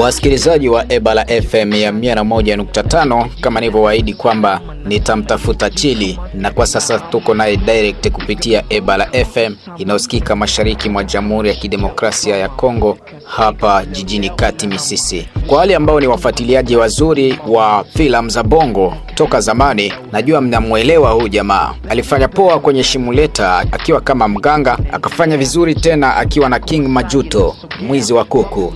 Wasikilizaji wa Ebala FM ya 101.5, kama nilivyowaahidi kwamba nitamtafuta Chili, na kwa sasa tuko naye direct kupitia Ebala FM inayosikika mashariki mwa Jamhuri ya Kidemokrasia ya Kongo hapa jijini kati Misisi. Kwa wale ambao ni wafuatiliaji wazuri wa filamu za Bongo toka zamani, najua mnamwelewa huyu jamaa. Alifanya poa kwenye Shimuleta akiwa kama mganga, akafanya vizuri tena akiwa na King Majuto mwizi wa kuku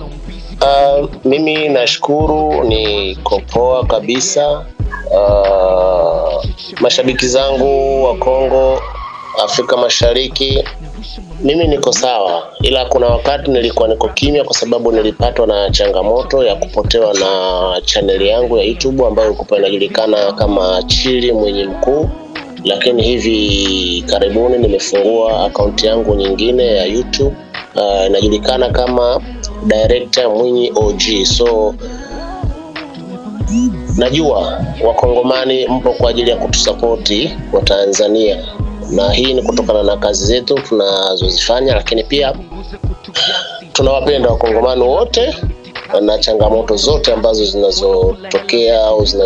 Uh, mimi nashukuru niko poa kabisa. Uh, mashabiki zangu wa Kongo, Afrika Mashariki, mimi niko sawa, ila kuna wakati nilikuwa niko kimya kwa sababu nilipatwa na changamoto ya kupotewa na chaneli yangu ya YouTube ambayo ilikuwa inajulikana kama Chili Mwenye Mkuu, lakini hivi karibuni nimefungua akaunti yangu nyingine ya YouTube uh, inajulikana kama director Mwinyi OG. So najua wakongomani mpo kwa ajili ya kutusapoti wa Tanzania, na hii ni kutokana na kazi zetu tunazozifanya, lakini pia tunawapenda wakongomani wote na changamoto zote ambazo zinazotokea au zina